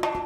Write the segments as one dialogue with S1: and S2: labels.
S1: you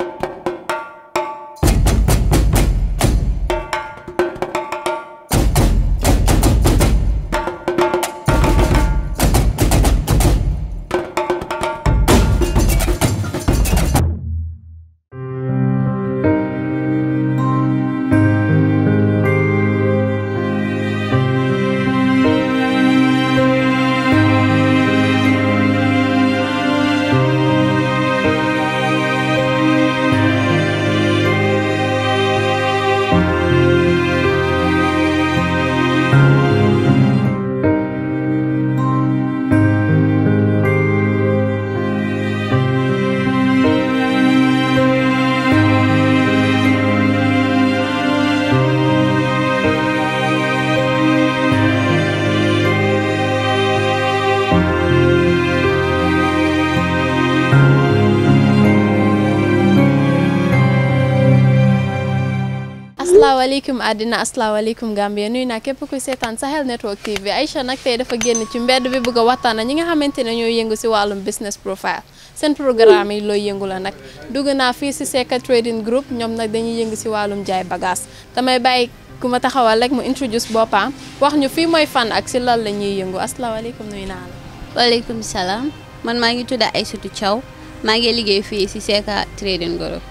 S1: asalaamaaleykum àddina asalaamaaleykum Gambia nuyu naa képp kuy seetaan Sahel Network TV Aïcha nag tey dafa génn ci mbedd bi bëgg a ñi nga xamante ne ñoo yëngu si wàllum business profile seen programme yi looy yëngu la nag dugg naa fii si Seka Trading Group ñoom nag dañuy yëngu si wàllum jaay bagage damay bàyyi ku ma
S2: taxawal rek mu introduce boppam wax ñu fii mooy fan ak si lan la ñuy yëngu asalaamaaleykum nuyu naa la. waaleykum salaam man maa ngi tudd Aïssatou Thiaw maa ngi liggéey fii si Seka Trading Group.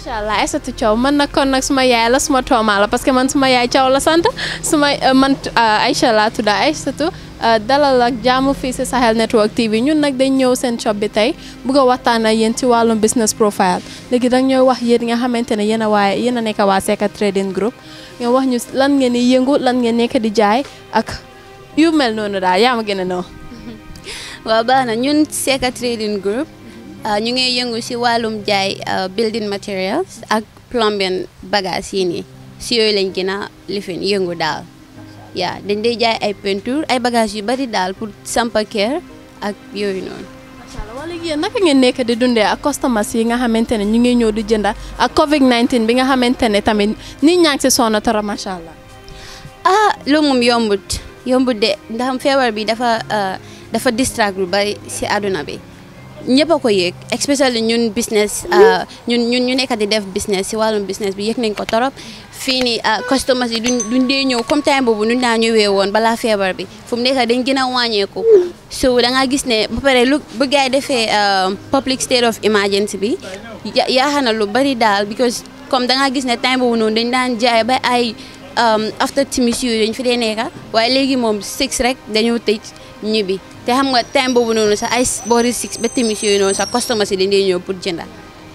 S1: macha allah Aïssatou Thiaw man nag kon nag suma yaay la suma toomaa la parce que man suma yaay Thiaw la sant suma euh, man euh, Aïcha laa tudda Aïssatou euh, dalal ak jàmm fii si Sahel Network TV ñun nag dañ ñëw seen shop bi tey bugg a waxtaan ak yéen ci wàllum business profile léegi da ñooy wax yéen nga xamante ne yéen a waaye yéen a nekk waa Seka Trading Group nga wax ñu
S2: lan ngeen di yëngu lan ngeen nekk di jaay ak yu mel noonu daal yaa ma gën a noo. waaw baax na ñun Seka Trading Euh, ñu ngi yëngu si wàllum jaay euh, building materials ak plombian bagage yi nii si yooyu lañ gën a lifin yëngu daal yaa dañ dee jaay ay peinture ay bagage yu bari daal pour sampa kër ak yooyu noonu wala yéen naka nekk di dundee ak customers yi nga xamante
S1: ne ñu ngi ñëw di jënda ak covid 19 bi nga xamante ne tamit nit ñaa ngi si sonn tara macha allah
S2: ah loolu moom yombut yombut de ndax feebar bi dafa euh, dafa distract lu bari si àdduna bi ñëpp a ko yëg especially ñun business mm-hmm. euh, ñun ñun ñu nekk di def business si wàllum business bi yëg nañ ko torop fii nii euh, customers yi duñ duñ dee ñëw comme time boobu nuñ daa ñëwee woon balaa feebar bi fu mu nekk dañ gën a wàññeeku so da ngaa gis ne ba pare lu bu gaay defee euh, public state of emergency bi yaaxana na lu bari daal because comme da gis ne time boobu noonu dañ daan jaay ba ay um, after timis yooyu dañ fi dee nekka waaye léegi moom six rek dañoo tëj bi te xam nga time boobu noonu sax ay boori six ba timis yooyu noonu sax customer si dañ dee pour jënda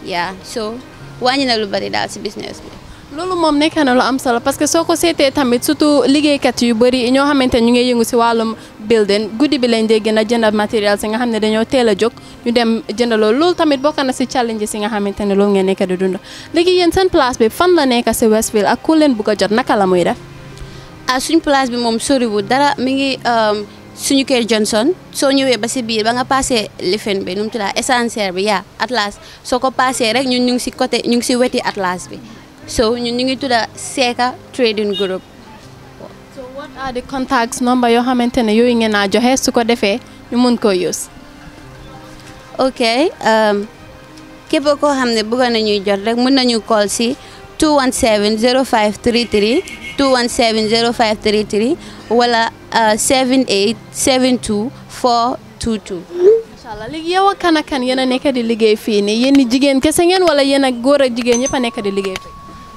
S2: yaa so wàññi lu bari daal si business bi.
S1: loolu moom nekk na lu am solo parce que soo ko seetee tamit surtout liggéeykat yu bëri ñoo xamante ñu ngi yëngu si wàllum building guddi bi lañ dee gën a jëndal matériel si nga xam ne dañoo teel a jóg ñu dem jënd loolu loolu tamit bokk na si challenge si nga xamante ne loolu ngeen nekk di dund léegi yéen seen place bi fan la nekk si Westfield ak ku leen bugg a jot naka la muy def.
S2: Ah, suñu kër Johnson soo ñëwee ba si biir ba nga passé lifin bi nu mu tudd essentiel bi yaa atlas soo ko passé rek ñun ñu ngi si côté ñu ngi si weti atlas bi so ñun ñu ngi tudd Seka Trading Group.
S1: so what are de contacts number yoo xamante ne yooyu ngeen naa joxe su ko defee
S2: ñu mun ko use. ok um, képp koo xam ne bëgg nañuy jot rek mën nañu call si 217 0533. 2170533 wala 7872422 uh, inshallah léegi yow ak kan ak kan yéen a nekk di liggéey fii nii yéen wakana kan kese ngeen wala yéen fina, góor ak jigéen ñëpp a nekk di liggéey fii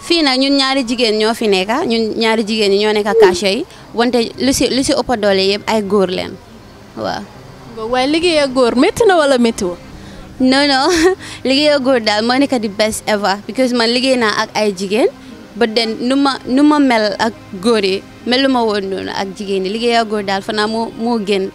S2: fii nag ñun ñaari jigéen ñoo fi nekk ñun ñaari jigéen ñi neka nekk yi wante lu si lu si ëpp doole yëpp ay góor leen waaw waaye liggéey ak góor métti na wala métti woo non non liggéey ak góor di best ever because man liggéey na ak ay jigéen ba den nu ma nu ma mel ak góor yi melu ma woon noonu ak jigéen yi liggéeyaa góor daal fanaa moo moo gën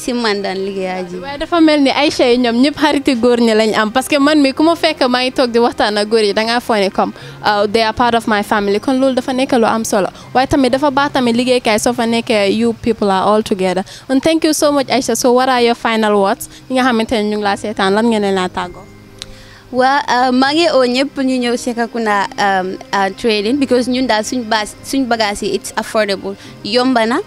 S2: si man daan liggéeyaa ji. waaye dafa mel ni Aïcha yi ñoom ñëpp xariti góor ñi lañ am parce que man mi ku ma fekk maa ngi
S1: toog di waxtaan ak góor yi da ngaa foog ne comme uh, they are part of my family kon loolu dafa nekk lu am solo waaye tamit dafa baax tamit liggéeykaay soo fa nekkee you people are all together and thank you so much Aïcha so what are your final words nga xamante ne ñu ngi laa seetaan lan ngeen laa tàggoo.
S2: waa euh, maa ngi oo ñëpp ñu ñëw Serekunda euh, trading because ñun daal suñ base suñ bagage yi it's affordable yomba na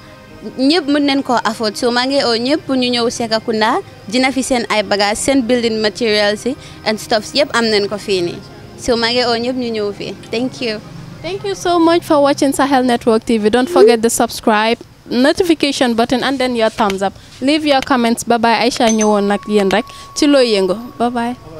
S2: ñëpp mën nañ ko afford so maa ngi oo ñëpp ñu ñëw Serekunda dina fi seen ay bagage seen building materials yi and stuff yëpp am nañ ko fii nii so maa ngi oo ñëpp ñu ñëw fii thank you Thank you so much for watching Sahel Network
S1: TV. Don't forget to subscribe, notification button, and then your thumbs up. Leave your comments. Bye bye. Aisha, you rek like Bye bye.